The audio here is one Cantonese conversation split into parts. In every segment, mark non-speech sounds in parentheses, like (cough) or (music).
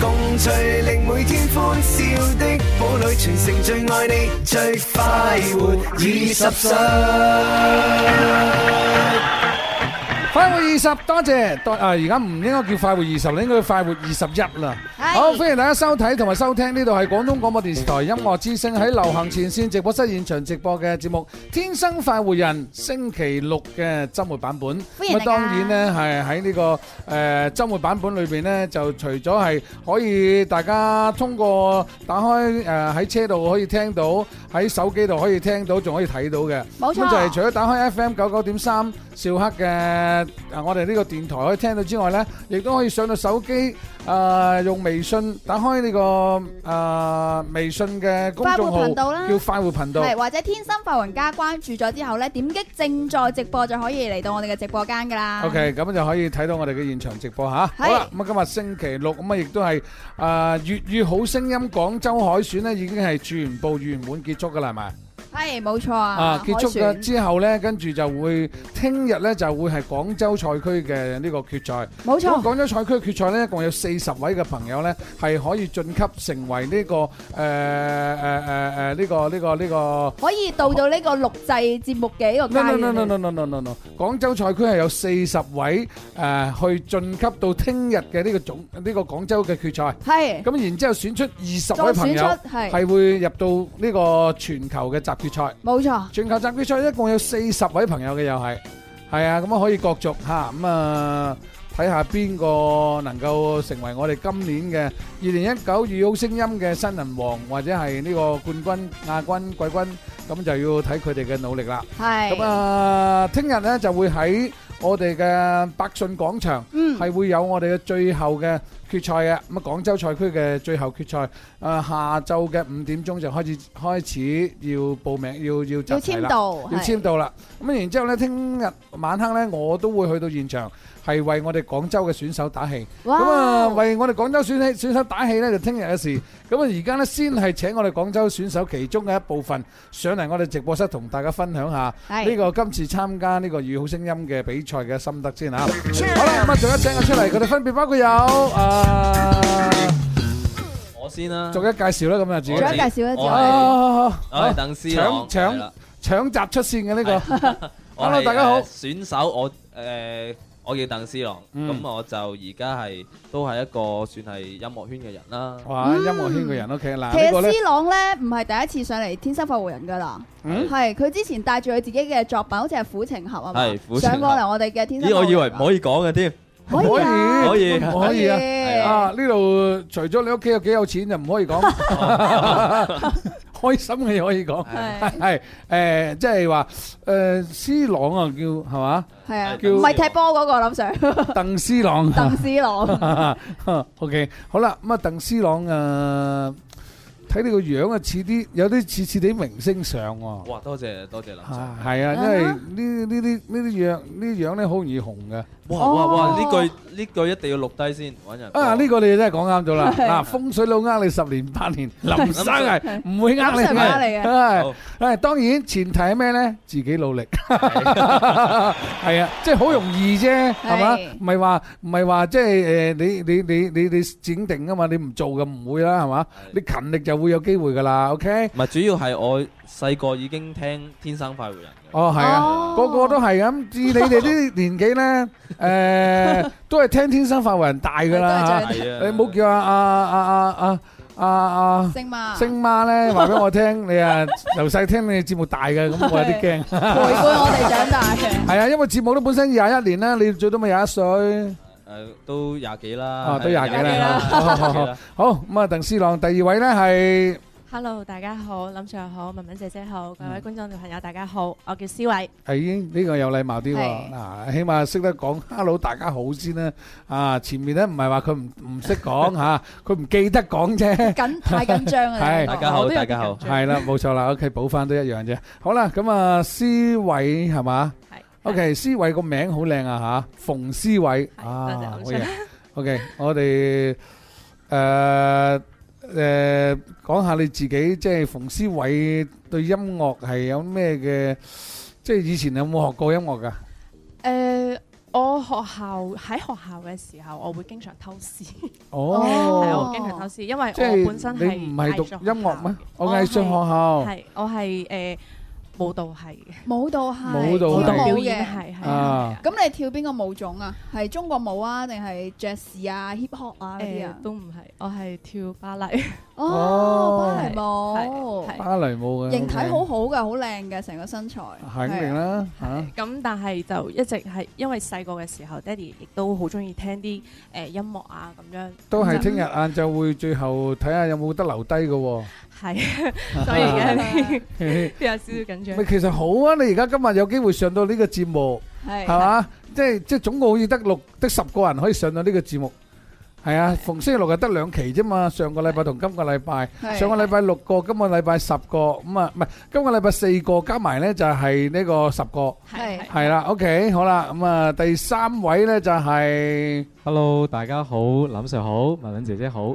共聚令每天歡笑的堡壘，全城最愛你，最快活二十歲。Yeah. 快活二十，多謝。當啊，而家唔應該叫快活二十，應該叫快活二十一啦。好，歡迎大家收睇同埋收聽，呢度係廣東廣播電視台音樂之聲喺流行前線直播室現場直播嘅節目《天生快活人》星期六嘅周末版本。咁啊，當然咧係喺呢個誒周末版本裏邊咧，就除咗係可以大家通過打開誒喺車度可以聽到，喺手機度可以聽到，仲可以睇到嘅。冇錯。咁就係除咗打開 FM 九九點三兆赫嘅。啊！我哋呢個電台可以聽到之外咧，亦都可以上到手機啊，用微信打開呢個啊微信嘅公眾號，快活頻道啦，叫快活頻道，或者天生快活人加關注咗之後咧，點擊正在直播就可以嚟到我哋嘅直播間噶啦。OK，咁就可以睇到我哋嘅現場直播吓。好啦，咁啊今日星期六，咁啊亦都係啊粵語好聲音廣州海選咧，已經係全部圓滿結束噶啦，係咪？係，冇錯啊！啊，結束咗之後咧，跟住か tecn? 就會聽日咧就會係廣州賽區嘅呢個決賽。冇錯，廣州賽區決賽咧，一共有四十位嘅朋友咧係可以晉級成為呢個誒誒誒誒呢個呢個呢個。可以到到呢個錄製節目嘅呢個。 (music) No no no no no no no no！廣州賽區係有四十位誒、呃、去晉級到聽日嘅呢個總呢個廣州嘅決賽。係。咁然之後選出二十位朋友係 (music) S arcade 會入到呢個全球嘅集。賽，冇錯，全球集結賽一共有四十位朋友嘅。又係，係啊，咁啊可以角逐吓，咁啊睇下邊個能夠成為我哋今年嘅二零一九粵語好聲音嘅新人王，或者係呢個冠軍、亞軍、季軍，咁就要睇佢哋嘅努力啦。係，咁啊，聽日呢就會喺。我哋嘅百信廣場係、嗯、會有我哋嘅最後嘅決賽嘅，咁啊廣州賽區嘅最後決賽，誒、呃、下晝嘅五點鐘就開始開始要報名，要要就要簽到啦。咁、嗯、然之後呢，聽日晚黑呢，我都會去到現場。係為我哋廣州嘅選手打氣，咁啊為我哋廣州選手選手打氣咧，就聽日嘅事。咁啊而家咧，先係請我哋廣州選手其中嘅一部分上嚟我哋直播室同大家分享下呢個今次參加呢個《粵語好聲音》嘅比賽嘅心得先吓。好啦，咁啊，仲有請阿出嚟，佢哋分別包括有啊，我先啦，逐一介紹啦，咁啊，主，自己介紹一，好，好，好，我係鄧思朗，搶搶搶閘出線嘅呢個，hello，大家好，選手我誒。我叫鄧思朗，咁我就而家係都係一個算係音樂圈嘅人啦。哇，音樂圈嘅人，O K，嗱呢個咧，其實思朗咧唔係第一次上嚟《天生快活人》噶啦，係佢之前帶住佢自己嘅作品，好似係《苦情俠》啊嘛，上過嚟我哋嘅《天生快活人》。咦，我以為唔可以講嘅添，可以可以可以啊！呢度除咗你屋企有幾有錢就唔可以講。開心嘅可以講係係誒，即係話誒，思朗啊叫係嘛？係啊，叫唔係、啊、踢波嗰、那個林 Sir。鄧思朗，鄧 (laughs) 思朗。 (laughs) o、okay, K，好啦，咁啊，鄧思朗啊，睇你個樣啊，似啲有啲似似啲明星相喎、哦。哇，多謝多謝林、Sir、s 係啊，啊因為呢呢啲呢啲樣呢樣咧好容易紅嘅。哇哇哇！呢句呢句一定要錄低先揾人。啊呢個你真係講啱咗啦！嗱，風水佬呃你十年八年，林生係唔會呃你，係咪？係係當然前提係咩咧？自己努力係啊，即係好容易啫，係嘛？唔係話唔係話即係誒你你你你你整定啊嘛？你唔做嘅唔會啦，係嘛？你勤力就會有機會㗎啦，OK？唔係主要係我。細個已經聽《天生快活人》哦，係啊，個個都係咁。至於你哋啲年紀咧，誒，都係聽《天生快活人》大噶啦，係啊。你唔好叫阿阿阿阿阿阿阿星媽，星媽咧話俾我聽，你啊由細聽你節目大嘅，咁我有啲驚。陪伴我哋長大嘅係啊，因為節目都本身廿一年啦，你最多咪廿一歲，誒，都廿幾啦，都廿幾啦。好好咁啊，鄧思朗，第二位咧係。hello，大家好，林 sir 好，文文姐姐好，各位觀眾朋友大家好，我叫詩卉，係已經呢個有禮貌啲喎，嗱起碼識得講 hello 大家好先啦，啊前面咧唔係話佢唔唔識講吓，佢唔記得講啫，緊太緊張啦，係大家好，大家好，係啦冇錯啦，O K 補翻都一樣啫，好啦咁啊詩卉係嘛？係，O K 詩卉個名好靚啊吓，馮詩卉，啊，好嘅，O K 我哋誒。誒，講下你自己，即係馮詩卉對音樂係有咩嘅？即係以前你有冇學過音樂噶？誒，我學校喺學校嘅時候，我會經常偷師。哦，係我經常偷師，因為我本身係唔係讀音樂咩？我藝術學校係，我係誒。舞蹈係，舞蹈係，跳舞嘅係係啊。咁你跳邊個舞種啊？係中國舞啊，定係爵士啊、hip hop 啊嗰啲啊？都唔係，我係跳芭蕾。哦，芭蕾舞，芭蕾舞嘅形體好好㗎，好靚㗎成個身材，肯定啦嚇。咁但係就一直係因為細個嘅時候，daddy 亦都好中意聽啲誒音樂啊咁樣。都係聽日晏晝會最後睇下有冇得留低㗎喎。係，所以而家啲有少少緊張。咪其實好啊！你而家今日有機會上到呢個節目，係嘛？即係即係總共好似得六得十個人可以上到呢個節目，係啊！逢星期六係得兩期啫嘛。上個禮拜同今個禮拜，上個禮拜六個，今個禮拜十個，咁啊唔係今個禮拜四個加埋咧就係呢個十個，係係啦。OK，好啦，咁啊第三位咧就係，Hello，大家好，林 Sir 好，文敏姐姐好。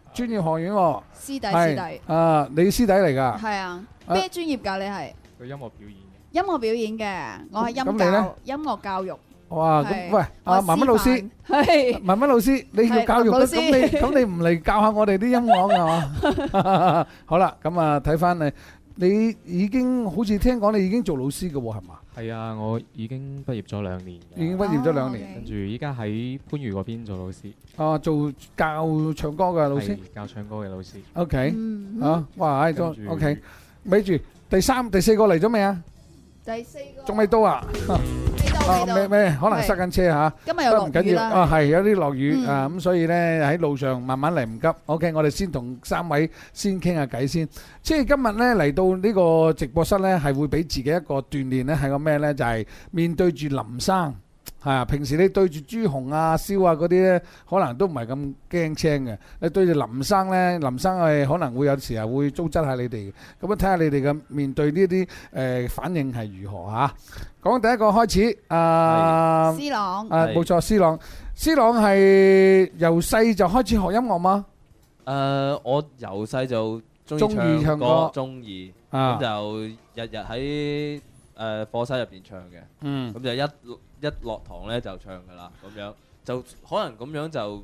專業學院，師弟師弟，啊，你師弟嚟噶？係啊，咩專業噶你係？佢音樂表演嘅。音樂表演嘅，我係音樂音樂教育。哇，咁喂，啊，文文老師，係，文文老師，你要教育，咁你咁你唔嚟教下我哋啲音樂嘅嗬？好啦，咁啊，睇翻你，你已經好似聽講你已經做老師嘅係嘛？係啊，我已經畢業咗兩年，已經畢業咗兩年，跟住依家喺番禺嗰邊做老師。啊，做教唱歌嘅老師，教唱歌嘅老師。OK，啊，哇，I 哥，OK，咪住，第三、第四個嚟咗未啊？仲未到啊？未到？咩咩？可能塞緊車吓，今日有落雨啦。啊係，有啲落雨啊，咁所以呢喺路上慢慢嚟，唔急。OK，我哋先同三位先傾下偈先。即係今日呢嚟到呢個直播室呢，係會俾自己一個鍛煉呢，係個咩呢？就係面對住林生。係啊，平時你對住朱紅啊、蕭啊嗰啲咧，可能都唔係咁驚青嘅。你對住林生咧，林生係可能會有時啊會糟質下你哋。咁樣睇下你哋嘅面對呢啲誒反應係如何嚇？講第一個開始，啊，思朗，啊冇錯，思朗，思朗係由細就開始學音樂嗎？誒，我由細就中意唱歌，中意，咁就日日喺誒課室入邊唱嘅。嗯，咁就一。一落堂咧就唱噶啦，咁樣就可能咁樣就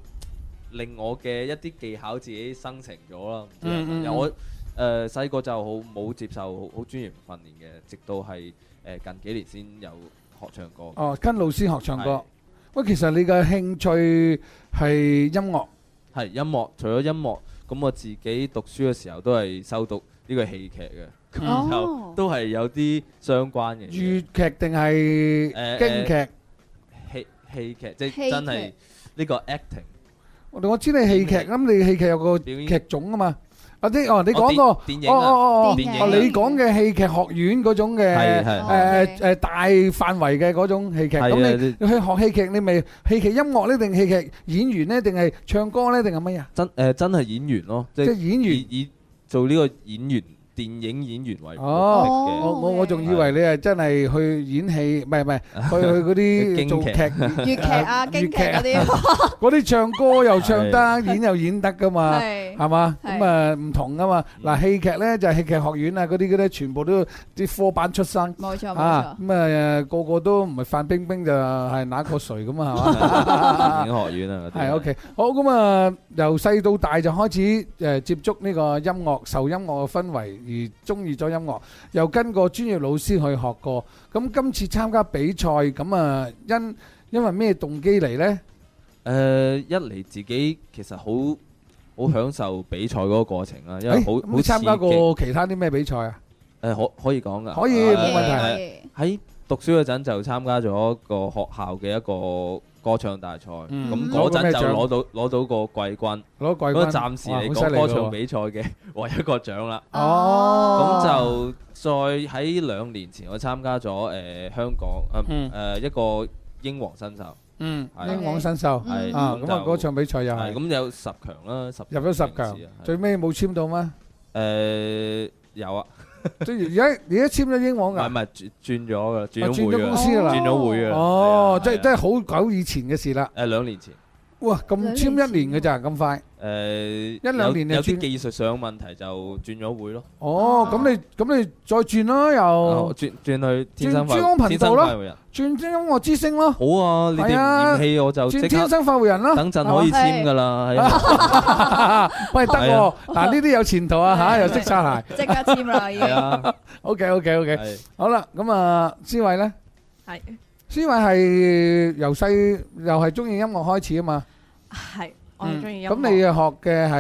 令我嘅一啲技巧自己生成咗咯。唔知嗯嗯嗯我誒細個就好冇接受好，好專業訓練嘅，直到係、呃、近幾年先有學唱歌。哦，跟老師學唱歌。喂，係，其實你嘅興趣係音樂，係音樂，除咗音樂。咁我自己讀書嘅時候都係修讀呢個戲劇嘅，咁然後都係有啲相關嘅。粵劇定係誒京劇？戲戲劇，即係真係呢個 acting。我，我知你戲劇，咁你戲劇有個劇種啊嘛。阿啲哦，你講個哦哦哦哦，你講嘅戲劇學院嗰種嘅誒誒大範圍嘅種戲劇，咁你你去學戲劇，你咪戲劇音樂咧，定戲劇演員咧，定係唱歌咧，定係乜嘢？真誒真係演員咯，即係演員，演員以演做呢個演員。電影演員為哦，我我我仲以為你係真係去演戲，唔係唔係去去嗰啲做劇粵粵劇啊，京劇嗰啲，嗰啲唱歌又唱得，演又演得噶嘛，係嘛？咁啊唔同噶嘛。嗱戲劇咧就係戲劇學院啊，嗰啲嗰啲全部都啲科班出身，冇錯冇錯。咁啊個個都唔係范冰冰就係那個誰咁啊？係嘛？電影學院啊，係 OK。好咁啊，由細到大就開始誒接觸呢個音樂，受音樂嘅氛圍。而中意咗音樂，又跟個專業老師去學過。咁今次參加比賽，咁啊因因為咩動機嚟呢？誒一嚟自己其實好好享受比賽嗰個過程啦，因為好冇參加過其他啲咩比賽啊？誒可可以講噶？可以冇問題喺。讀書嗰陣就參加咗個學校嘅一個歌唱大賽，咁嗰陣就攞到攞到個季軍。攞季軍，不過暫時嚟講歌唱比賽嘅唯一一個獎啦。哦，咁就再喺兩年前我參加咗誒香港誒一個英皇新秀。嗯，英皇新秀係咁啊歌唱比賽又係咁有十強啦，十入咗十強，最尾冇簽到咩？誒，有啊。即而家而家簽咗英皇噶，唔係唔係轉轉咗噶，轉咗公司噶啦，轉咗、哦、會、哦、啊。哦、啊，即係即係好久以前嘅事啦，誒、啊，兩年前。哇，咁簽一年嘅咋，咁快？誒，一兩年有啲技術上問題就轉咗會咯。哦，咁你咁你再轉啦，又轉轉去天生快活人，轉中央音樂之星咯。好啊，呢啲演戲我就轉天生快活人啦。等陣可以簽噶啦。喂，大哥，嗱呢啲有前途啊吓，又識擦鞋。即刻簽啦，要。係啊。O K O K O K，好啦，咁啊，詩卉咧。係。思敏係由細又係中意音樂開始啊嘛，係我中意音樂。咁你學嘅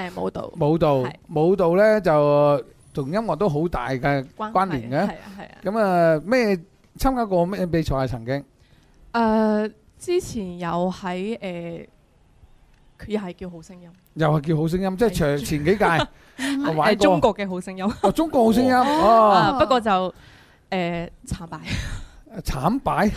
係誒舞蹈，舞蹈，舞蹈咧就同音樂都好大嘅關聯嘅。係啊係啊。咁啊咩參加過咩比賽啊？曾經誒之前有喺誒，佢又係叫好聲音，又係叫好聲音，即係前幾屆我係中國嘅好聲音，中國好聲音啊，不過就誒慘敗。慘敗，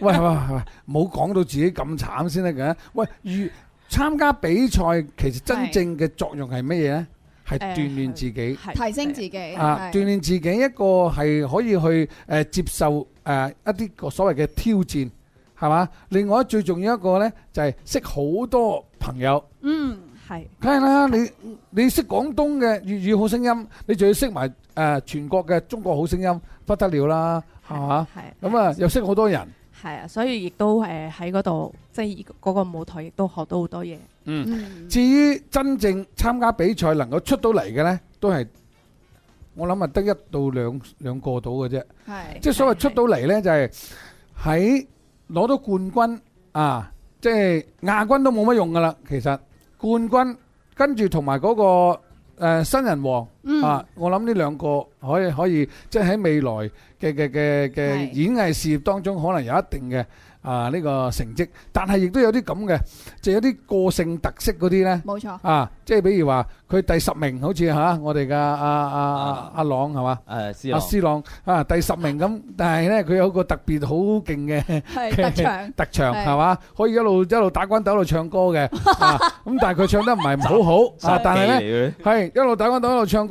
喂喂喂，冇講到自己咁慘先得嘅。喂，如參加比賽其實真正嘅作用係乜嘢咧？係鍛鍊自己，提升自己。啊，鍛鍊自己一個係可以去誒接受誒一啲個所謂嘅挑戰，係嘛？另外最重要一個咧就係識好多朋友。嗯，係。梗係啦，你你識廣東嘅粵語好聲音，你仲要識埋誒全國嘅中國好聲音，不得了啦！係嘛？係咁啊，又識好多人。係啊，所以亦都誒喺嗰度，即係嗰個舞台，亦都學到好多嘢。嗯，至於真正參加比賽能夠出到嚟嘅呢，都係我諗啊，得一到兩兩個到嘅啫。係，即係所謂出到嚟呢，就係喺攞到冠軍啊！即係亞軍都冇乜用噶啦，其實冠軍跟住同埋嗰個誒新人王。嗯、啊！我諗呢兩個可以可以，即係喺未來嘅嘅嘅嘅演藝事業當中，可能有一定嘅啊呢、這個成績，但係亦都有啲咁嘅，就有啲個性特色啲咧。冇錯，啊！即係比如話佢第十名，好似吓、啊、我哋嘅阿阿阿朗係嘛？誒、啊，阿、啊啊啊啊啊啊、思朗，思朗啊！第十名咁，但係咧佢有個特別好勁嘅特長，特長係，嘛？可以一路一路打筋斗一路唱歌嘅。咁、啊嗯、但係佢唱得唔係唔好好、啊、但係咧，一路打筋斗一,一路唱。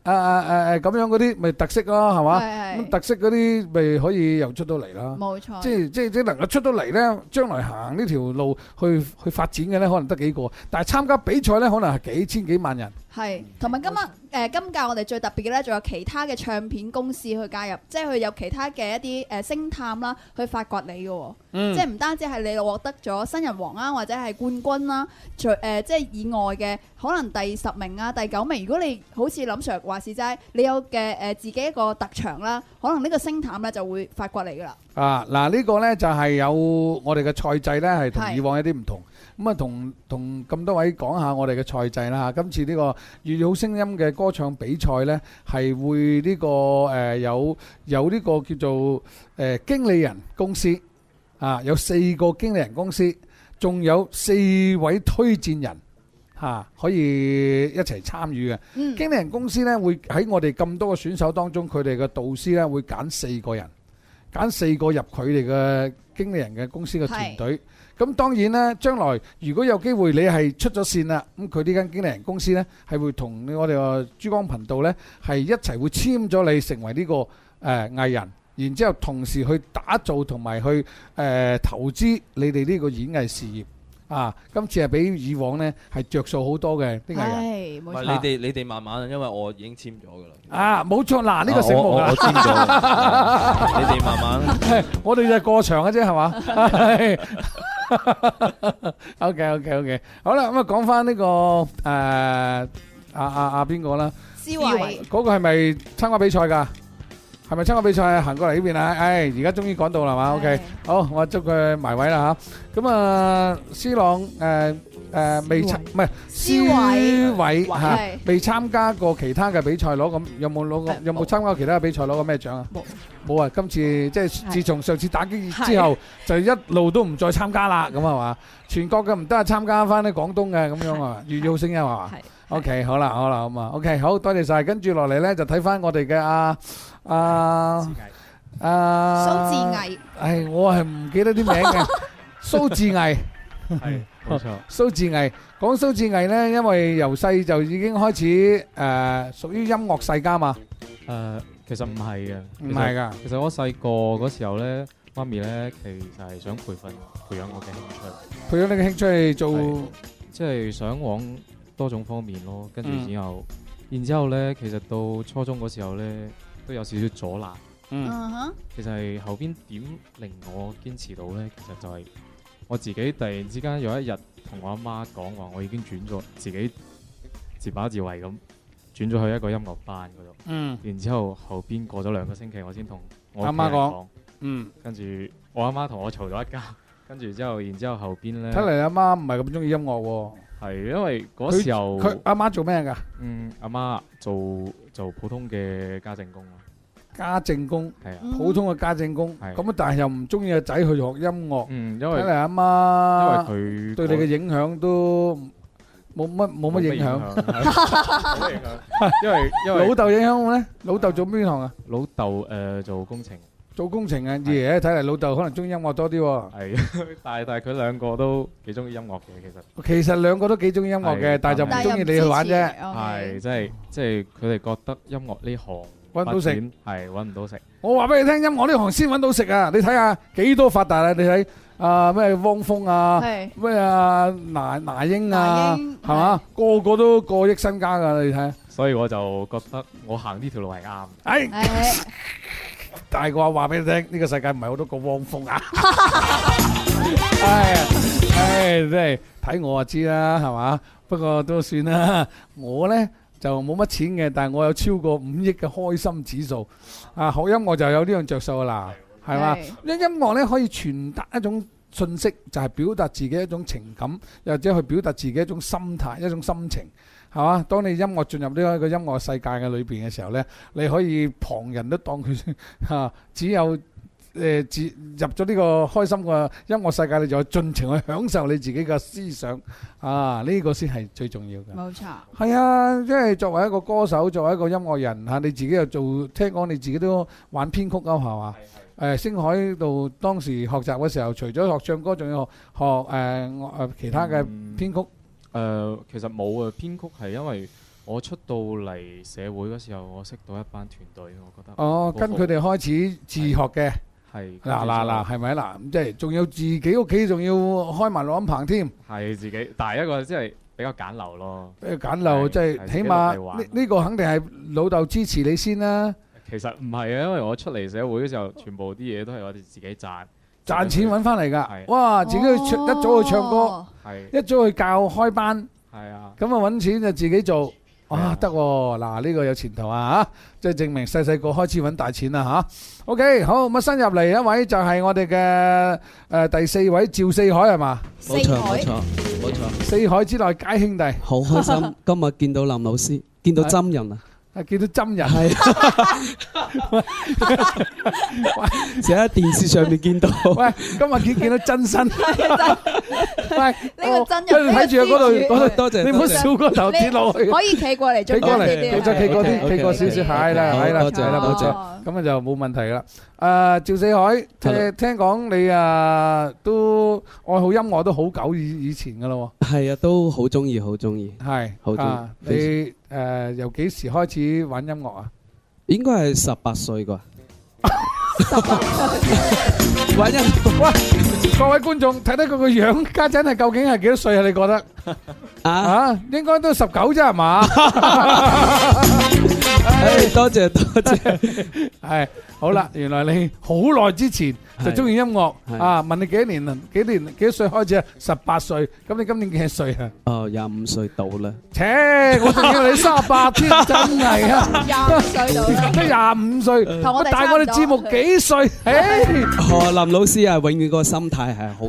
誒誒誒誒，咁、啊啊啊啊、樣嗰啲咪特色咯，係、嗯、嘛？特色嗰啲咪可以又出，沒錯 出到嚟啦。冇錯，即係即係即係能夠出到嚟咧，將來行呢條路去去發展嘅咧，可能得幾個。但係參加比賽咧，可能係幾千幾萬人。係，同埋今日，誒像今屆我哋最特別嘅咧，仲有其他嘅唱片公司去加入，即係佢有其他嘅一啲誒星探啦，去發掘你嘅。嗯、即係唔單止係你獲得咗新人王啊，或者係冠軍啦，除誒即係以外嘅可能第十名啊、第九名。如果你好似林 Sir。話事齋，你、啊這個、有嘅誒自己一個特長啦，可能呢個星探咧就會發掘你噶啦。啊，嗱呢個呢就係有我哋嘅賽制呢係同以往一啲唔同。咁啊，同同咁多位講下我哋嘅賽制啦。今次呢個粵語好聲音嘅歌唱比賽呢、這個，係會呢個誒有有呢個叫做誒、呃、經理人公司啊，有四個經理人公司，仲有四位推薦人。吓，可以一齊參與嘅經理人公司咧，會喺我哋咁多個選手當中，佢哋嘅導師咧會揀四個人，揀四個入佢哋嘅經理人嘅公司嘅團隊。咁當然咧，將來如果有機會你係出咗線啦，咁佢呢間經理人公司咧係會同我哋個珠江頻道咧係一齊會簽咗你成為呢個誒藝人，然之後同時去打造同埋去誒投資你哋呢個演藝事業。啊！今次係比以往咧係著數好多嘅啲藝人。係冇錯。你哋你哋慢慢，因為我已經簽咗㗎啦。啊，冇錯嗱，呢個醒目啦。我我簽咗。你哋慢慢。我哋就係過場嘅啫，係嘛？係。OK，OK，OK。好啦，咁啊，講翻呢個誒阿阿阿邊個啦？詩卉嗰個係咪參加比賽㗎？係咪參加比賽，行過嚟呢邊啊？唉，而家終於趕到啦嘛。OK，好，我捉佢埋位啦吓。咁啊，思朗誒誒未參唔係詩卉吓，未參加過其他嘅比賽，攞個有冇攞過有冇參加其他嘅比賽攞過咩獎啊？冇冇啊！今次即係自從上次打擊之後，就一路都唔再參加啦。咁啊嘛，全國嘅唔得啊，參加翻啲廣東嘅咁樣啊，粵語好聲音係嘛？OK，好啦好啦咁啊。OK，好多謝晒。跟住落嚟咧，就睇翻我哋嘅阿。啊！啊！蘇志毅，係我係唔記得啲名嘅蘇志毅，係冇錯。蘇志毅講蘇志毅咧，因為由細就已經開始誒，屬於音樂世家嘛。誒，其實唔係嘅，唔係噶。其實我細個嗰時候咧，媽咪咧其實係想培訓培養我嘅興趣，培養你嘅興趣做，即係想往多種方面咯。跟住之後，然之後咧，其實到初中嗰時候咧。都有少少阻攔，嗯，其實係後邊點令我堅持到呢？其實就係我自己突然之間有一日同我阿媽講話，我已經轉咗自己自把自為咁轉咗去一個音樂班嗰度，嗯，然之後後邊過咗兩個星期我我弟弟，我先同我阿媽講，嗯，跟住我阿媽同我嘈咗一交，跟住之後，然之後後邊呢？睇嚟你阿媽唔係咁中意音樂喎、哦。係，因為嗰時候佢阿媽做咩噶？嗯，阿媽做做普通嘅家政工咯。家政工係啊，普通嘅家政工。咁啊，但係又唔中意個仔去學音樂。嗯，因為睇嚟阿媽，因為佢對你嘅影響都冇乜冇乜影響。因為因為老豆影響我咧？老豆做邊行啊？老豆誒做工程。做工程啊！而而睇嚟老豆可能中意音樂多啲喎。係，但係但係佢兩個都幾中意音樂嘅，其實。其實兩個都幾中意音樂嘅，但係就唔中意你去玩啫。係，即係即係佢哋覺得音樂呢行揾到食，係揾唔到食。我話俾你聽，音樂呢行先揾到食啊！你睇下幾多發達啊！你睇啊咩汪峰啊，咩啊那那英啊，係嘛，個個都過億身家噶！你睇。所以我就覺得我行呢條路係啱。係。大個話話俾你聽，呢、這個世界唔係好多個汪峰啊！係、 (laughs) (laughs) 哎，係、哎、睇我就知啦，係嘛？不過都算啦。我呢就冇乜錢嘅，但係我有超過五億嘅開心指數。啊，學音樂就有是樂呢樣着數啦，係嘛？因音樂呢可以傳達一種信息，就係、是、表達自己一種情感，又或者去表達自己一種心態、一種心情。係嘛？當你音樂進入呢個音樂世界嘅裏邊嘅時候呢，你可以旁人都當佢嚇、啊，只有誒、呃、入入咗呢個開心嘅音樂世界，你就盡情去享受你自己嘅思想啊！呢、這個先係最重要嘅。冇錯錯。係啊，因為作為一個歌手，作為一個音樂人嚇、啊，你自己又做聽講，你自己都玩編曲啊，係嘛？係是、呃、星海度當時學習嘅時候，除咗學唱歌，仲要學誒誒、呃、其他嘅編曲。嗯誒、呃，其實冇啊！編曲係因為我出到嚟社會嗰時候，我識到一班團隊，我覺得。哦，好跟佢哋開始自學嘅。係。嗱嗱嗱，係咪嗱？即係仲有自己屋企仲要開埋錄音棚添。係自己，但係一個即係比較簡陋咯。誒，簡陋即係起碼呢？呢個肯定係老豆支持你先啦。其實唔係啊，因為我出嚟社會嘅時候，全部啲嘢都係我哋自己賺。賺錢揾翻嚟噶，哇！自己去一早去唱歌，一早去教開班，咁啊揾錢就自己做啊，得嗱，呢個有前途啊吓，即係證明細細個開始揾大錢啦吓。OK，好，咁啊新入嚟一位就係我哋嘅誒第四位趙四海係嘛？四海，冇錯，冇錯，四海之內皆兄弟，好開心今日見到林老師，見到真人啊！係見到真人，係成日喺電視上面見到。喂，今日見見到真身，喂，呢個真人，跟住睇住佢嗰度，嗰度多謝你，唔好笑個頭跌落去。可以企過嚟，企過嚟，企過啲，企過少少，係啦，係啦，多謝，多謝。咁啊就冇問題啦！誒，趙四海，聽聽講你啊都愛好音樂都好久以以前噶咯喎。係啊，都好中意，好中意。係，好中意。你誒由幾時開始玩音樂啊？應該係十八歲啩。玩音樂，各位觀眾睇睇佢個樣，家陣係究竟係幾多歲啊？你覺得？啊，應該都十九啫，係嘛？多謝多謝，係好啦。原來你好耐之前就中意音樂啊？問你幾多年啊？幾年幾多歲開始啊？十八歲。咁你今年幾歲啊？哦，廿五歲到啦。切，我仲要你三十八添，真係啊！廿五歲到啦，得廿五歲。但係我哋節目幾歲？誒，何林老師啊，永遠個心態係好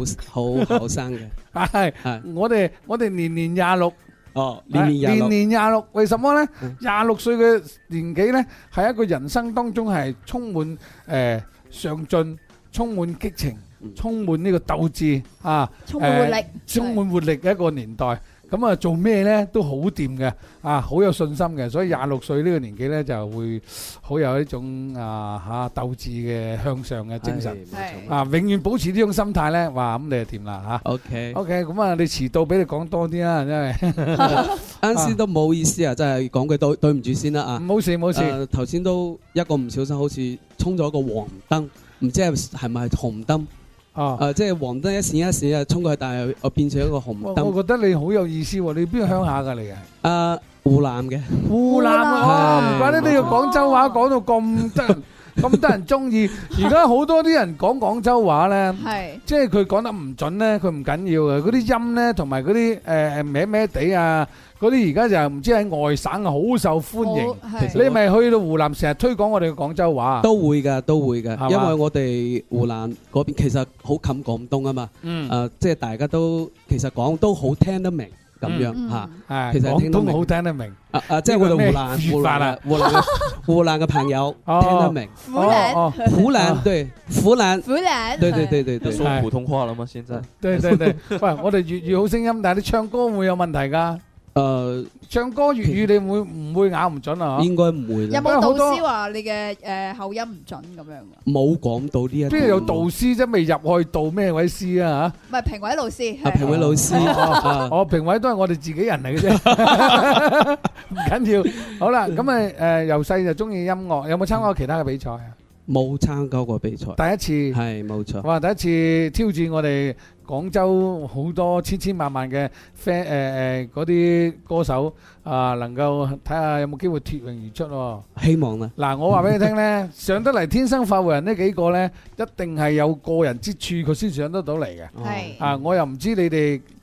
好後生嘅。係係，我哋我哋年年廿六。哦，年年廿六，年年廿六，為什麼呢？廿六歲嘅年紀呢，係一個人生當中係充滿誒、呃、上進，充滿激情，充滿呢個鬥志啊！呃、充滿活力，充滿活力嘅一個年代。咁啊，做咩咧都好掂嘅，啊，好有信心嘅，所以廿六歲呢個年紀咧就會好有呢種啊嚇、啊、鬥志嘅向上嘅精神，哎、啊，永遠保持呢種心態咧，哇，咁、嗯、你就掂啦嚇。O K O K，咁啊 Okay. okay,、嗯，你遲到俾你講多啲啦，因為，啱先都唔好意思啊，真係講句對對唔住先啦啊。冇事冇事。頭先、呃、都一個唔小心，好似衝咗個黃燈，唔知係係咪紅燈？哦，誒、啊，即係黃燈一閃一閃啊，衝過去，但係我變成一個紅燈。但我覺得你好有意思喎、啊，你邊鄉下㗎、啊、你？誒、呃，湖南嘅。湖南啊，唔、欸、怪得你要廣州話講到咁得咁、哦、多人中意。而家好多啲人講廣州話咧，即係佢講得唔準咧，佢唔緊要嘅。嗰啲音咧，同埋嗰啲誒咩咩地啊。嗰啲而家就唔知喺外省好受歡迎，你咪去到湖南成日推廣我哋嘅廣州話，都會㗎，都會㗎，因為我哋湖南嗰邊其實好近廣東啊嘛，誒，即係大家都其實講都好聽得明咁樣嚇，其實聽都好聽得明，誒誒，即係我哋湖南湖南湖南嘅朋友聽得明，湖南湖南對湖南，湖南對對對對，都說普通話啦嘛，現在，對對對，喂我哋粵語好聲音，但係你唱歌會有問題㗎。誒，唱歌粵語你會唔會咬唔準啊？應該唔會。有冇導師話你嘅，誒，口音唔準咁樣噶？冇講到呢一。邊度有導師啫？未入去導咩位師啊？吓，唔係評委老師。評委老師，哦，評委都係我哋自己人嚟嘅啫，唔緊要。好啦，咁啊，誒，由細就中意音樂，有冇參加過其他嘅比賽啊？冇參加過比賽，第一次係冇錯。哇，第一次挑戰我哋。廣州好多千千萬萬嘅 friend 誒誒嗰啲歌手啊、呃，能夠睇下有冇機會脫穎而出喎、啊，希望啦、啊。嗱、啊，我話俾你聽呢， (laughs) 上得嚟天生快活人呢幾個呢，一定係有個人之處，佢先上得到嚟嘅。係、嗯、啊，我又唔知你哋。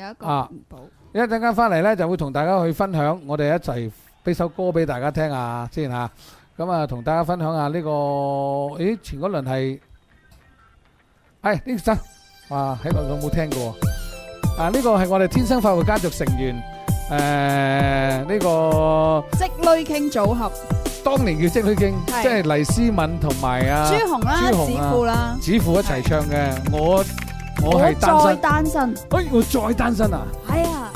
有一個，啊！一陣間翻嚟咧就會同大家去分享，我哋一齊俾首歌俾大家聽下先嚇，咁啊同大家分享下呢個，咦前嗰輪係，哎呢個真，哇喺度有冇聽過？啊呢個係我哋天生快活家族成員，誒呢個，積累傾組合，當年叫積累傾，即係黎思敏同埋啊朱紅啦、朱紅啊、子富啦，子富一齊唱嘅我。我，我再單身，哎，我再單身啊，係啊、哎呀，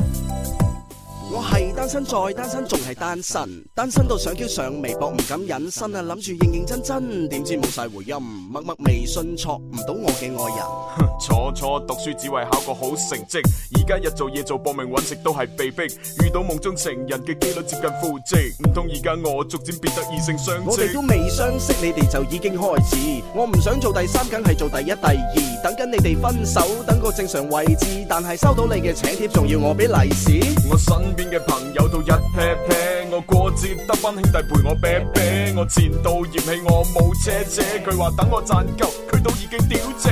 我係。單身再單身仲係單身，單身到想 Q 上微博唔敢隱身啊！諗住認認真真，點知冇晒回音，默默微信錯唔到我嘅愛人。初初讀書只為考個好成績，而家日做嘢做搏命揾食都係被逼，遇到夢中情人嘅機率接近枯竭，唔通而家我逐漸變得異性相。我哋都未相識，你哋就已經開始。我唔想做第三，梗係做第一、第二。等緊你哋分手，等個正常位置。但係收到你嘅請帖，仲要我俾利是？我身邊嘅朋有到一 p a 我過節得返兄弟陪我啤啤，我前度嫌棄我冇車車，佢話等我賺夠，佢都已經屌謝，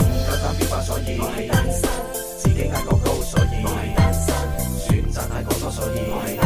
嗯，唔夠膽表白，所以我係單身；自己壓過高，所以我係單身；選擇太多，所以我係單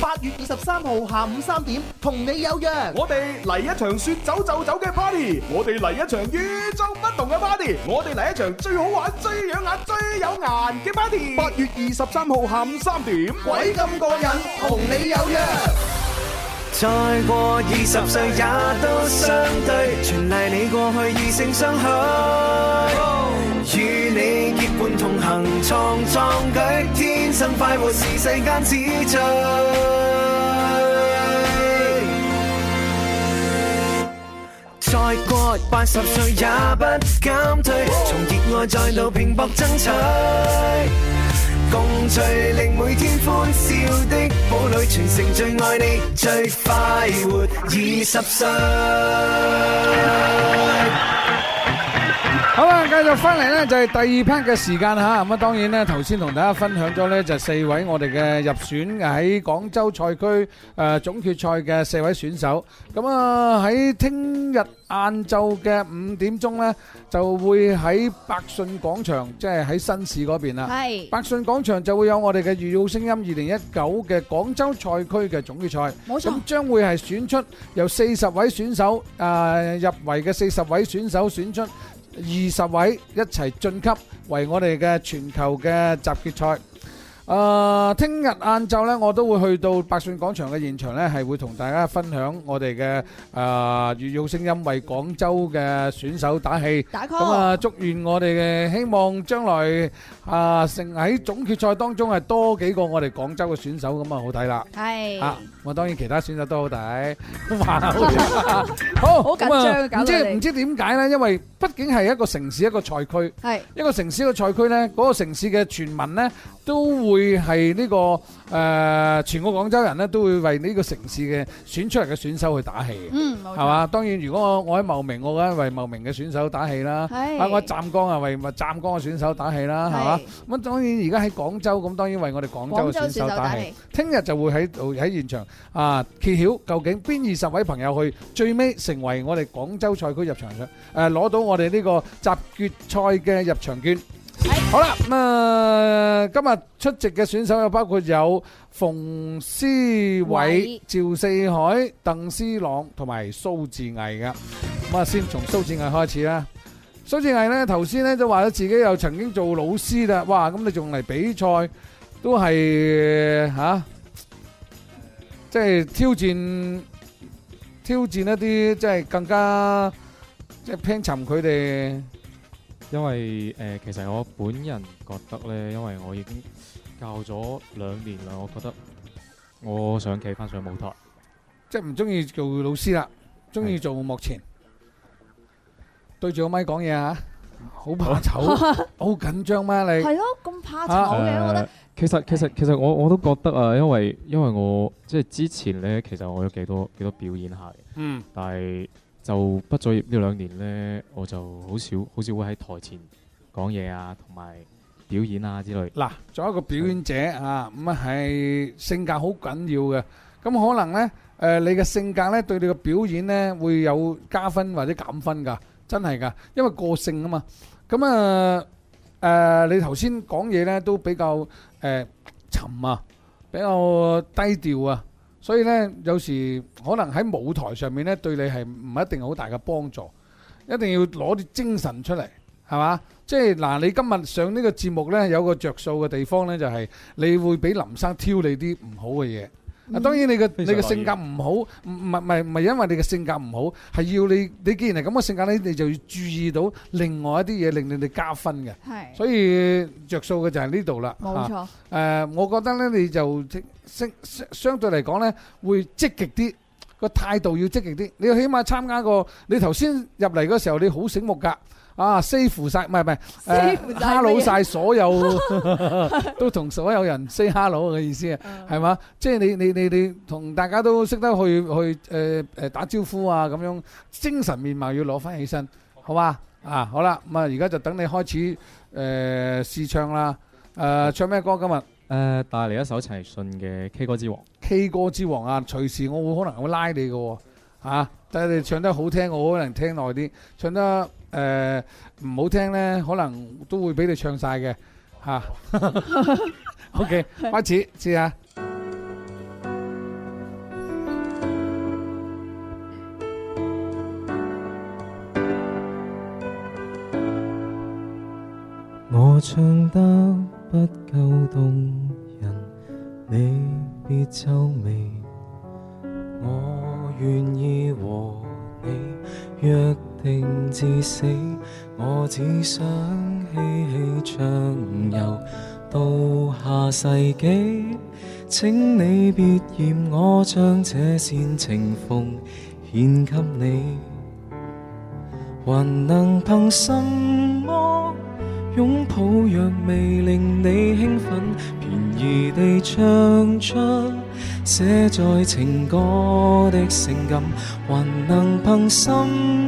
八月二十三號下午三點，同你有約。我哋嚟一場說走就走嘅 party，我哋嚟一場與眾不同嘅 party，我哋嚟一場最好玩、最養眼、最有顏嘅 party。八月二十三號下午三點，鬼咁過癮，同你有約。再過二十歲也都相對，全賴你過去異性相許。Oh. 與你結伴同行，創壯舉，天生快活是世間之最。再過八十歲也不減退，從熱愛再度拼搏爭取，共聚令每天歡笑的堡壘，全城最愛你最快活二十歲。 (music) 好啦，繼續翻嚟，咧，就係第二 part 嘅時間吓。咁啊，當然咧，頭先同大家分享咗咧，就四位我哋嘅入選喺廣州賽區誒總決賽嘅四位選手。咁啊，喺聽日晏晝嘅五點鐘咧，就會喺百信廣場，即係喺新市嗰邊啦。係百信廣場就會有我哋嘅《粵語好聲音二零一九》嘅廣州賽區嘅總決賽。冇錯，咁將會係選出由四十位選手誒入圍嘅四十位選手選出。二十位一齊晉級，為我哋嘅全球嘅集結賽。啊！聽日晏晝呢，我都會去到百信廣場嘅現場呢，係會同大家分享我哋嘅啊粵語聲音，為廣州嘅選手打氣。打 call！咁啊，祝願我哋嘅希望將來啊，成喺總決賽當中係多幾個我哋廣州嘅選手，咁啊好睇啦。係啊，我當然其他選手都好睇。好，好緊張，搞到你唔知唔知點解呢？因為畢竟係一個城市一個賽區，係一個城市一個賽區呢，嗰個城市嘅全民呢。都會係呢個誒，全個廣州人咧都會為呢個城市嘅選出嚟嘅選手去打氣嘅，嗯，係嘛？當然，如果我我喺茂名，我梗係為茂名嘅選手打氣啦，係，我喺湛江啊，為湛江嘅選手打氣啦，係嘛？咁當然，而家喺廣州，咁當然為我哋廣州嘅選手打氣。聽日就會喺度喺現場啊揭曉究竟邊二十位朋友去最尾成為我哋廣州賽區入場嘅誒，攞到我哋呢個集決賽嘅入場券。好啦，咁啊，今日出席嘅選手又包括有馮詩卉、趙四海、鄧思朗同埋蘇志毅㗎。咁啊，先從蘇志毅開始啦。蘇志毅呢，頭先呢就話咗自己又曾經做老師啦，哇！咁你仲嚟比賽，都係吓，即係挑戰挑戰一啲，即係更加即係拼尋佢哋。因為誒，其實我本人覺得咧，因為我已經教咗兩年啦，我覺得我想企翻上舞台，即係唔中意做老師啦，中意做幕前，是對住個麥講嘢啊，好、啊、怕醜，好緊張咩？呃、實你係咯，咁怕醜嘅，我覺得。其實其實其實我我都覺得啊，因為因為我即係、就是、之前咧，其實我有幾多幾多表演下嘅，嗯，但係。就畢咗業呢兩年呢，我就好少好少會喺台前講嘢啊，同埋表演啊之類。嗱，作為一個表演者啊，咁啊係性格好緊要嘅。咁可能呢，誒你嘅性格呢對你嘅表演呢會有加分或者減分㗎，真係㗎，因為個性啊嘛。咁啊誒，你頭先講嘢呢都比較誒沉啊，比較低調啊。所以呢，有時可能喺舞台上面呢，對你係唔一定好大嘅幫助。一定要攞啲精神出嚟，係嘛？即係嗱，你今日上呢個節目呢，有個着數嘅地方呢，就係你會俾林生挑你啲唔好嘅嘢。啊，嗯、當然你嘅你個性格唔好，唔係唔係唔係，因為你嘅性格唔好，係要你你既然係咁嘅性格咧，你就要注意到另外一啲嘢，令你哋加分嘅。係是，所以着數嘅就係呢度啦。冇錯。誒、啊，我覺得咧，你就相相相相對嚟講咧，會積極啲，個態度要積極啲。你要起碼參加個，你頭先入嚟嗰時候，你好醒目㗎。啊，say 乎曬唔係唔係，哈佬晒，所有 (laughs) 都同所有人 say hello 嘅意思啊，係嘛？即係你你你你同大家都識得去去誒誒、呃、打招呼啊咁樣，精神面貌要攞翻起身，好嘛？啊好啦，咁啊而家就等你開始誒、呃、試唱啦，誒、呃、唱咩歌今日？誒、呃、帶嚟一首齊信嘅 K 歌之王。K 歌之王啊，隨時我會可能會拉你嘅喎、啊，嚇、啊！但係你唱得好聽，我可能聽耐啲，唱得。誒唔、uh, 好聽咧，可能都會俾你唱晒嘅嚇。 (laughs) (laughs) OK，開始試下。我唱得不夠動人，你別皺眉。我願意和你約。 (music) 定至死，我只想嬉戲唱遊到下世紀，請你別嫌我將這線情奉獻給你，還能憑什麼擁抱若？若未令你興奮，便宜地唱出寫在情歌的性感，還能憑甚麼？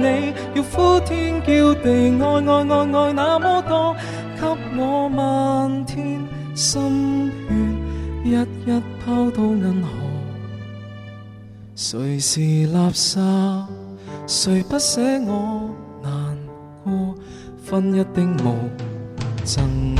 你要呼天叫地，愛愛愛愛那麼多，給我漫天心血，一一拋到銀河。誰是垃圾？誰不捨？我難過。分一定無真。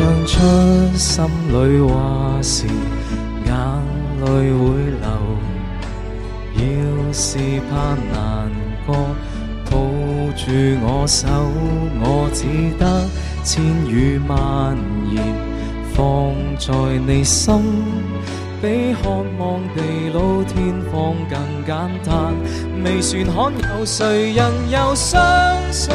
唱出心裏話時，眼淚會流。要是怕難過，抱住我手，我只得千語萬言放在你心，比渴望地老天荒更簡單。未算罕有，誰人又相信？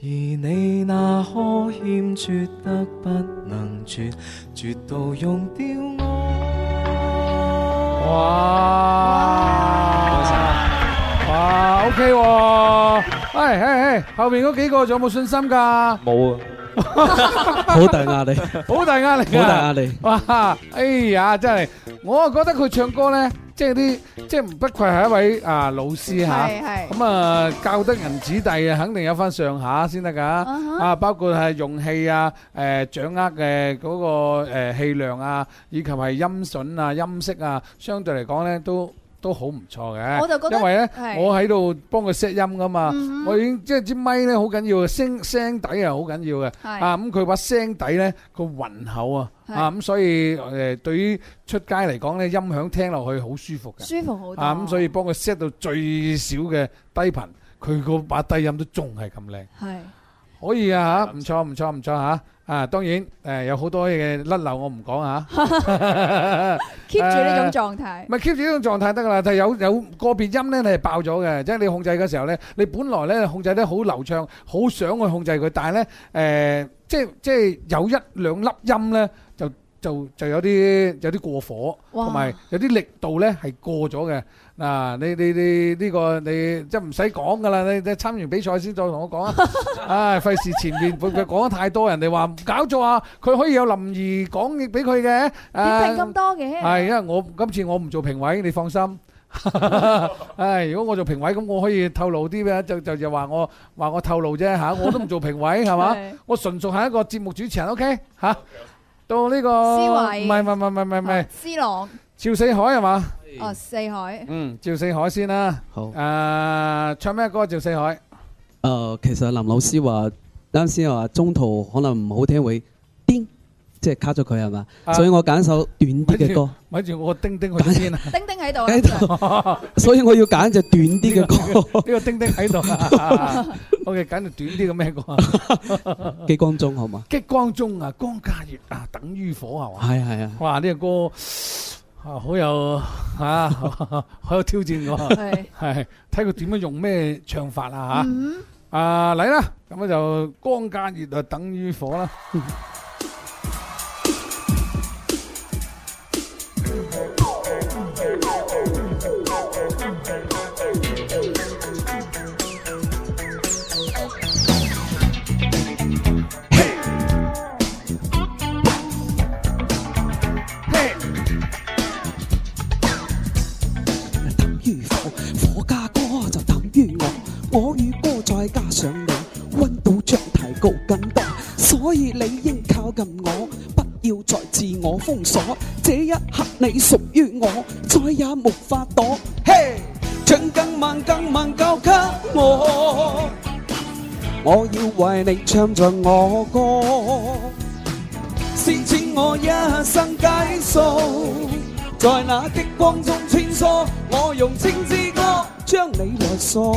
而你那呵欠絕得不能絕，絕到用掉我。哇哇哇！OK 喎，唉唉唉，後面嗰幾個仲有冇信心㗎？冇啊，好 (laughs) 大壓力，好大壓力，好大壓力。哇！哎呀，真係，我啊覺得佢唱歌咧。即係啲，即係不愧係一位啊老師吓，咁啊、嗯、教得人子弟啊，肯定有返上下先得噶啊，包括係用氣啊，誒、呃、掌握嘅嗰、那個誒氣量啊，以及係音準啊、音色啊，相對嚟講咧都，都好唔錯嘅，因為咧，我喺度幫佢 set 音噶嘛，我已經即係支咪咧好緊要，聲聲底係好緊要嘅。係啊，咁佢把聲底咧個渾厚啊，啊咁所以誒對於出街嚟講咧，音響聽落去好舒服嘅。舒服好多啊！咁所以幫佢 set 到最少嘅低頻，佢個把低音都仲係咁靚。係可以啊，嚇唔錯唔錯唔錯嚇。啊，當然，誒、呃、有好多嘢嘅甩漏我，我唔講啊。keep 住呢種狀態，唔係，keep 住呢種狀態得㗎喇。就係有有個別音咧，你係爆咗嘅，即係你控制嘅時候咧，你本來咧控制得好流暢，好想去控制佢，但係咧，誒、呃、即係即係有一兩粒音咧就。就就有啲有啲過火，同埋有啲力度呢係過咗嘅。嗱哇、啊，你你你呢個你即係唔使講噶啦，你你、這個、你，你，你參完比賽先再同我講啊！唉、 (laughs) 哎，費事前面佢佢講得太多，人哋話搞錯啊！佢可以有林怡講嘢俾佢嘅。點評咁多嘅？係、哎、因為我今次我唔做評委，你放心。唉、哎，如果我做評委，咁我可以透露啲咩？就就就話我話我透露啫嚇、啊，我都唔做評委係嘛？ (laughs) 對 我純屬係一個節目主持人，O K 嚇。Okay? 啊到呢、這個詩卉，唔係唔係唔係唔係唔係，思朗趙四海係嘛？是哦，四海嗯，趙四海先啦。好，誒，uh, 唱咩歌？趙四海？誒、呃，其實林老師話啱先話中途可能唔好聽會。即係卡咗佢係嘛？啊、所以我揀首短啲嘅歌。咪住我叮叮去邊啊！叮叮喺度。所以我要揀隻短啲嘅歌。呢、這個叮叮喺度啊。 (laughs) OK，揀條短啲嘅咩歌啊？ (laughs) 激光中好嘛？激光中啊，光加熱啊，等於火係嘛？係係啊。 (laughs) 啊啊哇！呢、這個歌啊，好有啊，好有挑戰㗎、啊。係係、 (laughs) 啊，睇佢點樣用咩唱法啊？吓啊嚟啦！咁我、嗯啊啊、就光加熱就等於火啦、啊。 (laughs) (laughs) 我與歌再加上你，溫度將提高更多，所以你應靠近我，不要再自我封鎖。這一刻你屬於我，再也無法躲。嘿，Hey! 將今晚今晚交給我，我要為你唱着我歌，施展我一生解數。在那極光中穿梭，我用青之歌將你來鎖。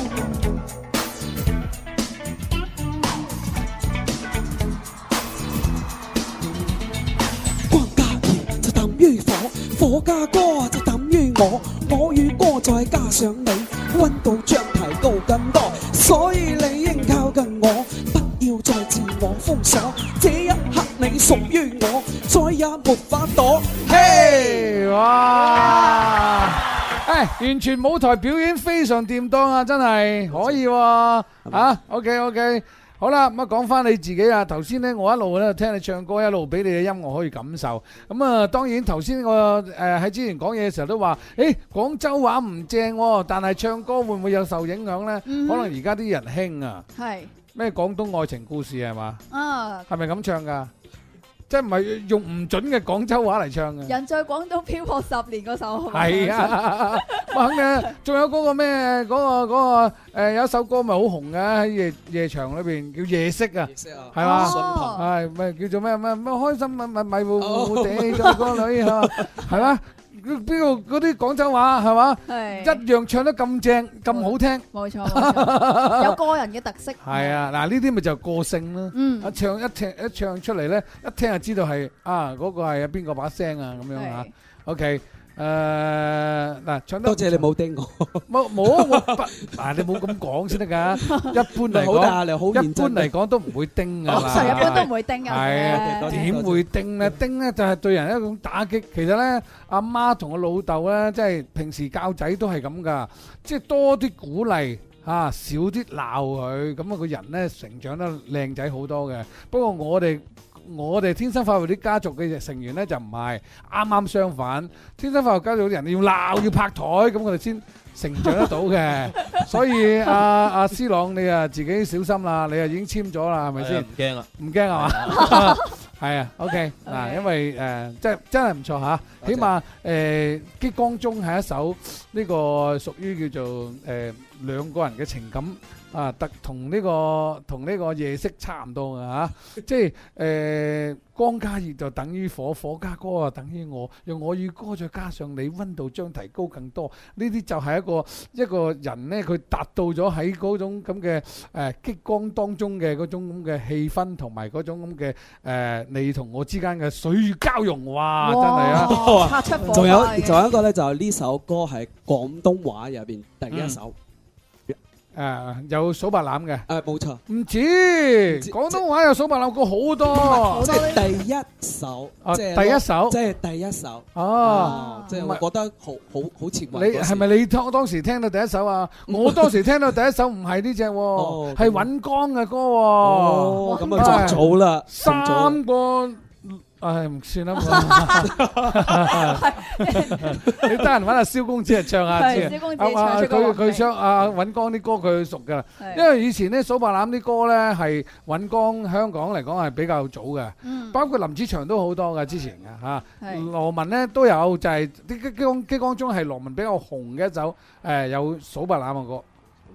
全舞台表演非常掂當啊，真係可以喎嚇。OK OK，好啦，咁啊，講翻你自己啊。頭先咧，我一路咧聽你唱歌，一路俾你嘅音樂可以感受。咁啊，當然頭先我誒喺之前講嘢嘅時候都話，誒廣州話唔正，但係唱歌會唔會有受影響咧？可能而家啲人興啊，係咩廣東愛情故事係嘛？啊，係咪咁唱㗎？即係唔係用唔準嘅廣州話嚟唱嘅？人在廣東漂泊十年嗰首，係啊，冇嘅。仲有嗰個咩？嗰個嗰個誒有一首歌咪好紅嘅，喺夜夜場裏邊叫夜色啊，夜色啊，係嘛？係咪叫做咩咩咩開心咪咪迷糊地個女嚇係嘛？邊、那個嗰啲廣州話係嘛，是一樣唱得咁正咁、嗯、好聽，冇錯，冇錯 (laughs) 有個人嘅特色。係啊，嗱呢啲咪就係個性咯。嗯一，一唱一聽一唱出嚟咧，一聽就知道係啊，嗰、那個係啊邊個把聲啊咁樣啊。樣是 OK。誒，嗱，唱多謝你冇叮我，冇冇，我不嗱，你冇咁講先得噶。一般嚟講，好啊，你好認真，一般嚟講都唔會叮噶啦。我成日一般都唔會叮噶，係啊，點會叮咧？叮咧就係對人一種打擊。其實咧，阿媽同我老豆咧，即係平時教仔都係咁噶，即係多啲鼓勵啊，少啲鬧佢，咁啊，個人咧成長得靚仔好多嘅。不過我哋。我哋天生化育啲家族嘅成員咧就唔係啱啱相反，天生化育家族啲人要鬧要拍台，咁我哋先成長得到嘅。所以阿阿思朗你啊自己小心啦，你啊已經簽咗啦，係咪先？唔驚啦，唔驚係嘛？係啊，OK 嗱，因為誒，即係真係唔錯吓，起碼誒，《激光中》係一首呢個屬於叫做誒兩個人嘅情感。啊，特同呢個同呢個夜色差唔多㗎吓，即係誒光加熱就等於火，火加歌就等於我，用我與歌再加上你，溫度將提高更多。呢啲就係一個一個人呢，佢達到咗喺嗰種咁嘅誒激光當中嘅嗰種咁嘅氣氛，同埋嗰種咁嘅誒你同我之間嘅水乳交融，哇！真係啊，仲有仲有一個呢，就係呢首歌係廣東話入邊第一首。誒，有數白欖嘅，誒，冇錯，唔止，廣東話有數白欖過好多。我哋第一首，即係第一首，即係第一首。哦，即係我覺得好好好切合你係咪你當當時聽到第一首啊？我當時聽到第一首唔係呢隻，係尹光嘅歌。哦，咁啊，足早啦，三個。唉，唔算啦。 (laughs) (laughs) (laughs) 你得閒揾下蕭公子嚟唱下先。佢佢唱阿、啊啊、尹光啲歌，佢熟噶啦。因為以前咧，數白欖啲歌咧係尹光香港嚟講係比較早嘅。 (laughs) 包括林子祥都好多嘅之前嘅嚇、啊。 (laughs) 羅文咧都有，就係啲激光激光中，係羅文比較紅嘅一首誒、呃、有數白欖嘅歌。 (laughs) (laughs) (laughs)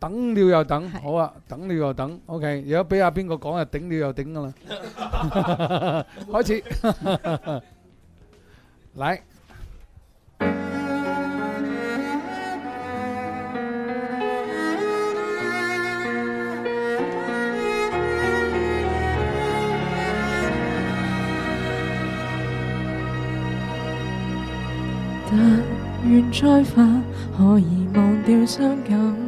等了又等，好啊！等了又等，OK。而家俾阿邊個講，就頂了又頂噶啦。開始，來。但願再發可以忘掉傷感。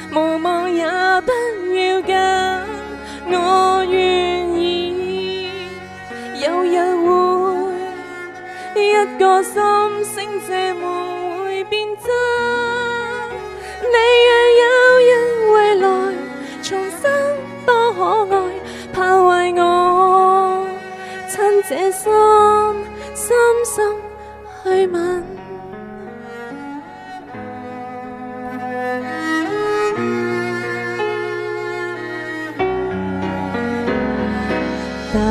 無望也不要緊，我願意。有日會，一個心聲借我會變真。你若有日回來，重生多可愛，盼為我親這心，深深去吻。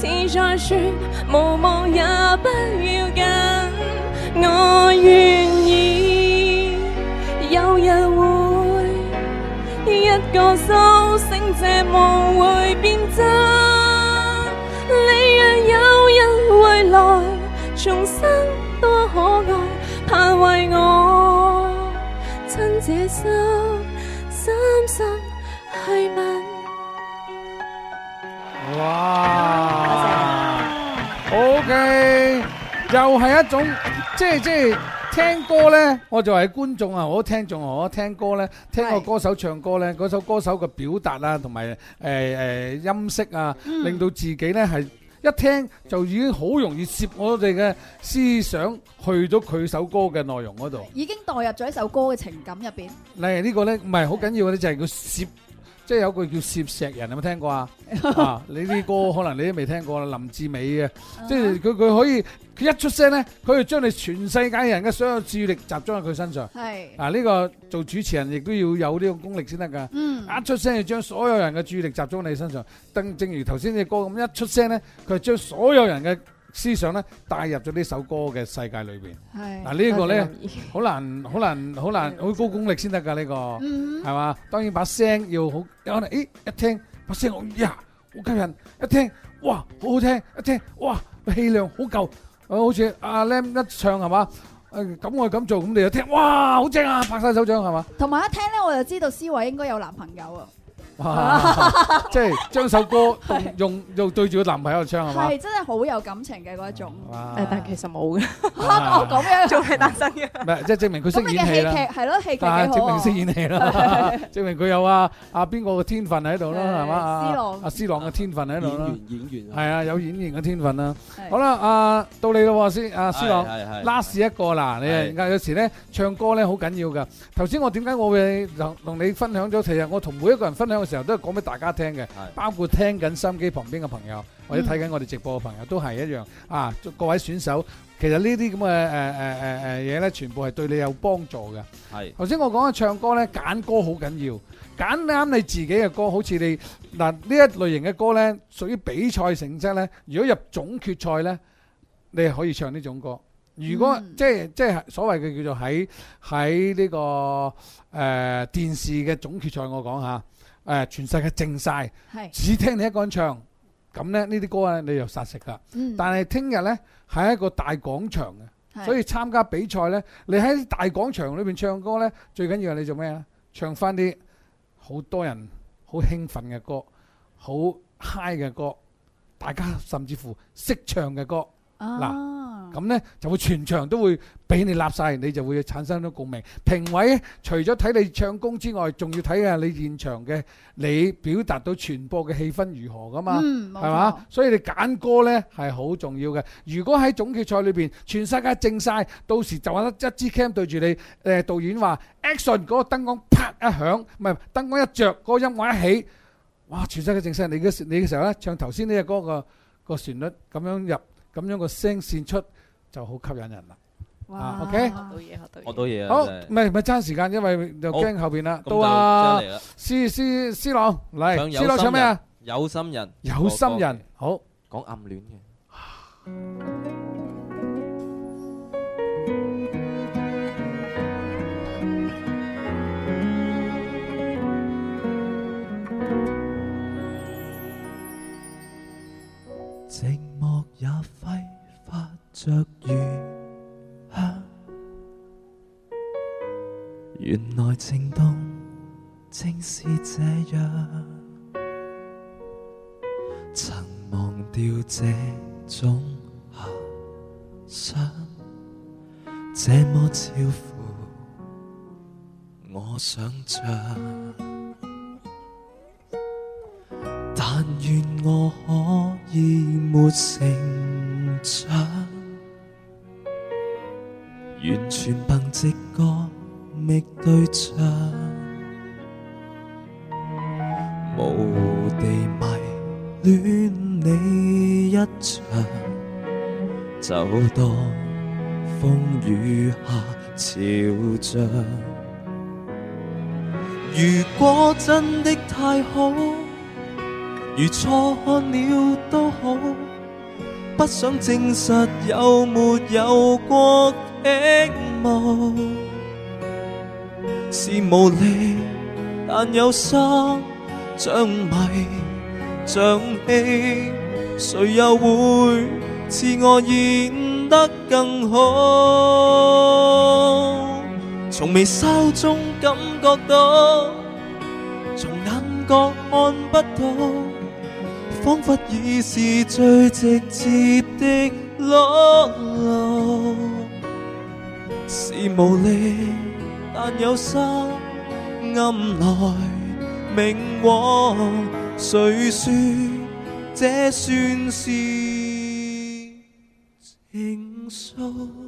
似在說，無望也不要緊，我願意。有日會，一覺蘇醒，這夢會變真。你若有日未來重生，多可愛，盼為我親這心，深深去吻。Wow. 又係一種即係即係聽歌咧，我就係觀眾啊！我聽眾啊我聽歌咧，聽個歌手唱歌咧，嗰首歌手嘅表達啊，同埋誒誒音色啊，令到自己咧係一聽就已經好容易攝我哋嘅思想去咗佢首歌嘅內容嗰度，已經代入咗一首歌嘅情感入邊。誒呢個咧唔係好緊要嘅咧，就係佢攝。即係有句叫攝石人，有冇聽過啊？ (laughs) 啊，你啲歌可能你都未聽過啦，林志美啊。即係佢佢可以，佢一出聲呢，佢就將你全世界人嘅所有注意力集中喺佢身上。係啊，呢個做主持人亦都要有呢個功力先得㗎。嗯，一出聲就將所有人嘅注意力集中喺你身上。但正如頭先隻歌咁，一出聲呢，佢就將所有人嘅。思想咧帶入咗呢首歌嘅世界裏邊。係是，嗱、啊這個、呢一個咧，好難，好難，好難，好 (laughs) 高功力先得㗎呢個，係嘛、mm hmm.？當然把聲要好，有可能，咦一聽把聲我呀好吸引，一聽哇好好聽，一聽哇個氣量好夠，好似阿 Lam 一唱係嘛？咁、啊、我咁做，咁你又聽哇好正啊，拍晒手掌係嘛？同埋一聽咧，我就知道詩卉應該有男朋友啊。哇！即係將首歌用用對住個男朋友唱係嘛？係真係好有感情嘅嗰一種。誒，但係其實冇嘅。哦，咁樣仲係單身嘅。唔係，即係證明佢識演戲啦。咩嘅戲劇係咯，戲劇幾好啊！但係證明識演戲啦，證明佢有啊啊邊個嘅天分喺度啦，係嘛？阿思朗，阿思朗嘅天分喺度啦。演員，演員。係啊，有演員嘅天分啦。好啦，阿到你咯，思阿思朗，last 一個啦，你啊，有時咧唱歌咧好緊要㗎。頭先我點解我會同同你分享咗？其實我同每一個人分享。成日都係講俾大家聽嘅，包括聽緊收音機旁邊嘅朋友，或者睇緊我哋直播嘅朋友，都係一樣啊。各位選手，其實呢啲咁嘅誒誒誒誒嘢咧，全部係對你有幫助嘅。頭先我講嘅唱歌咧，揀歌好緊要，揀啱你自己嘅歌。好似你嗱呢一類型嘅歌咧，屬於比賽性質咧。如果入總決賽咧，你係可以唱呢種歌。如果即係即係所謂嘅叫做喺喺呢個誒電視嘅總決賽，我講吓。全世界靜晒，是只聽你一個人唱，咁呢呢啲歌呢，你就殺食啦。嗯、但係聽日呢，係一個大廣場嘅，所以參加比賽呢，你喺大廣場裏邊唱歌呢，最緊要你做咩啊？唱翻啲好多人好興奮嘅歌，好嗨嘅歌，大家甚至乎識唱嘅歌。嗱咁咧，就會全場都會俾你立曬，你就會產生咗共鳴。評委咧，除咗睇你唱功之外，仲要睇下你現場嘅你表達到傳播嘅氣氛如何噶嘛？係嘛？所以你揀歌咧係好重要嘅。如果喺總決賽裏邊，全世界靜曬，到時就話得一支 cam 對住你。誒，導演話 action，嗰個燈光啪一響，唔係燈光一著，嗰個音樂一起，哇！全世界靜曬，你嘅你嘅時候咧，唱頭先呢隻歌個個旋律咁樣入。咁樣個聲線出就好吸引人啦。哇！OK，學到嘢學到嘢。好，唔係唔係爭時間，因為又驚後邊啦。好到啊，思思思朗嚟。思朗唱咩啊？有心人。有心人。心人歌好。講暗戀嘅。着雨香，原來情動正是這樣。曾忘掉這種遐想，這麼超乎我想像。但願我可以沒成長。完全憑直覺覓對象，模糊地迷戀你一場，就當風雨下潮漲。 (noise) 如果真的太好，如錯看了都好，不想證實有沒有過。並無是無理，但有心像謎像戲，誰又會似我演得更好？從眉梢中感覺到，從眼角看不到，仿佛已是最直接的裸露。是無力，但有心，暗來明往，誰說這算是情愫？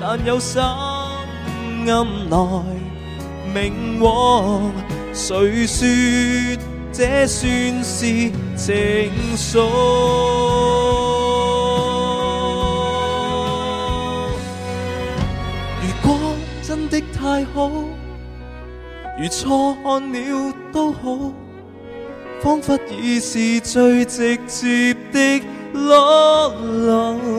但有心暗來明往，誰説這算是情愫？ (noise) 如果真的太好，如錯看了都好，彷彿已是最直接的裸露。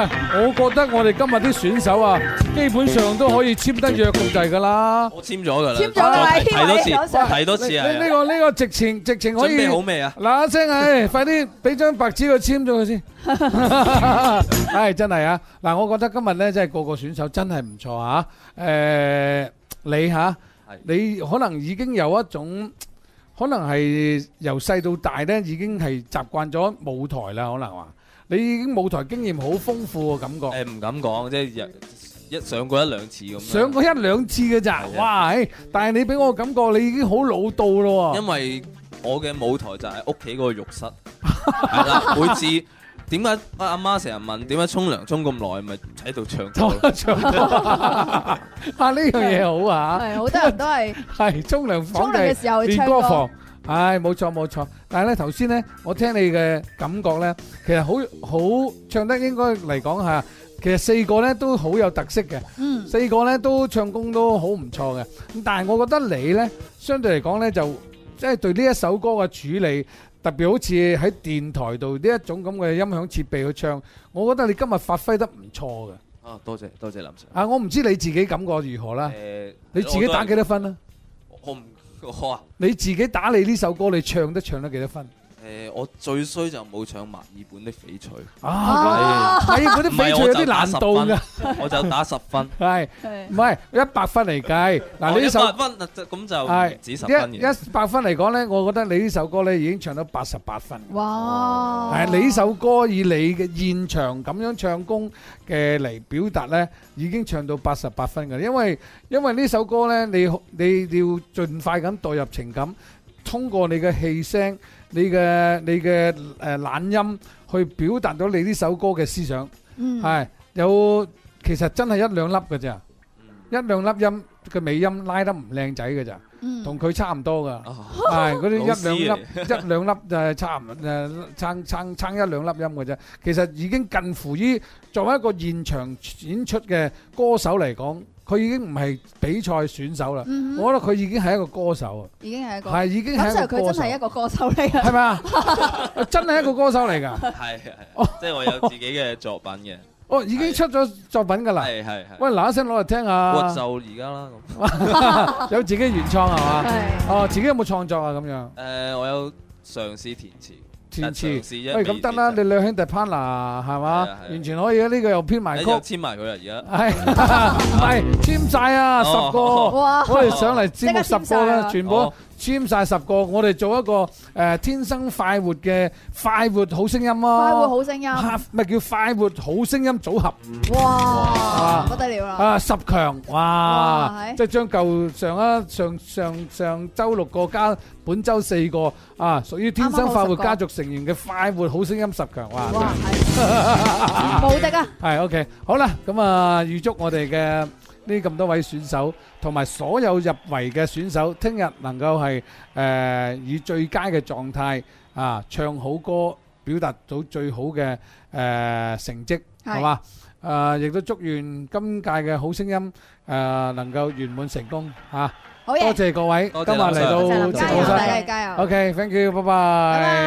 我覺得我哋今日啲選手啊，基本上都可以簽得約咁滯噶啦，我簽咗噶啦，簽咗啦，睇、啊、多次，睇哇多次啊！呢你、啊這個呢、這個直情直情可以準備好未啊？嗱，阿星啊，快啲俾張白紙佢簽咗佢先。唉、 (laughs) (laughs) (laughs) 哎，真係啊！嗱，我覺得今日咧，即係個個選手真係唔錯吓、啊。誒、呃，你吓、啊，你可能已經有一種，可能係由細到大咧，已經係習慣咗舞台啦，可能話。你已經舞台經驗好豐富喎，感覺、欸。誒，唔敢講，即係一上過一兩次咁樣。上過一兩次嘅咋，是的 哇！欸、但係你俾我感覺，你已經好老到咯。因為我嘅舞台就係屋企個浴室，係 (laughs) 啦，每次點解阿媽成日問點解沖涼沖咁耐，咪喺度唱歌。拍呢樣嘢好啊！係好多人都係係沖涼房嘅時候去唱歌。唉，冇錯冇錯，但係呢頭先呢，我聽你嘅感覺呢，其實好好唱得應該嚟講嚇，其實四個呢都好有特色嘅，嗯，四個呢都唱功都好唔錯嘅，咁但係我覺得你呢，相對嚟講呢就即係對呢一首歌嘅處理，特別好似喺電台度呢一種咁嘅音響設備去唱，我覺得你今日發揮得唔錯嘅。啊，多謝多謝林 Sir。啊，我唔知你自己感覺如何啦。誒，你自己打幾多分啊？我唔。你自己打你呢首歌，你唱得唱得幾多分？誒，我最衰就冇唱《墨爾本的翡翠》啊！係嗰啲翡翠有啲難度噶，我就打十分，係唔係一百分嚟計嗱？你呢首分咁就唔止十分嘅，一百分嚟講咧，我覺得你呢首歌咧已經唱到八十八分哇！係你呢首歌以你嘅現場咁樣唱功嘅嚟表達咧，已經唱到八十八分嘅，因為因為呢首歌咧，你你要盡快咁代入情感，通過你嘅氣聲。你嘅你嘅誒懶音去表達到你呢首歌嘅思想係、嗯、有其實真係一兩粒嘅咋。嗯、一兩粒音嘅尾音拉得唔靚仔嘅咋，同佢、嗯、差唔多噶係嗰啲一兩粒、啊、一兩粒誒差誒 (laughs) 撐撐撐，撐一兩粒音嘅啫，其實已經近乎於作為一個現場演出嘅歌手嚟講。佢已經唔係比賽選手啦，我覺得佢已經係一個歌手啊，已經係一個，係已經係佢真係一個歌手嚟噶，係咪啊？真係一個歌手嚟噶，係係，即係我有自己嘅作品嘅，哦，已經出咗作品噶啦，係係，喂，嗱一聲攞嚟聽下，我就而家啦，有自己原創係嘛？哦，自己有冇創作啊？咁樣，誒，我有嘗試填詞。喂，咁得啦。你兩兄弟 partner 係嘛？完全可以啊，呢個又編埋曲，簽埋佢啊，而家係唔係簽曬啊？十個，我哋上嚟節目十個啦，全部。簽晒十個，我哋做一個誒、呃、天生快活嘅快活好聲音咯，快活好聲音，咩、啊、叫快活好聲音組合？哇，啊、不得了啦！啊，十強，哇，哇即係將舊上一上上上週六個加本週四個啊，屬於天生快活家族成員嘅快活好聲音十強，啊、哇，冇 (laughs) 敵啊、哎！係 OK，好啦，咁、嗯、啊，預祝我哋嘅～呢咁多位選手，同埋所有入圍嘅選手，聽日能夠係誒以最佳嘅狀態啊，唱好歌，表達到最好嘅誒成績，係咪？誒，亦都祝願今屆嘅好聲音誒能夠圓滿成功嚇。好嘅，多謝各位，今日嚟到直播室，加油！OK，thank you，bye bye。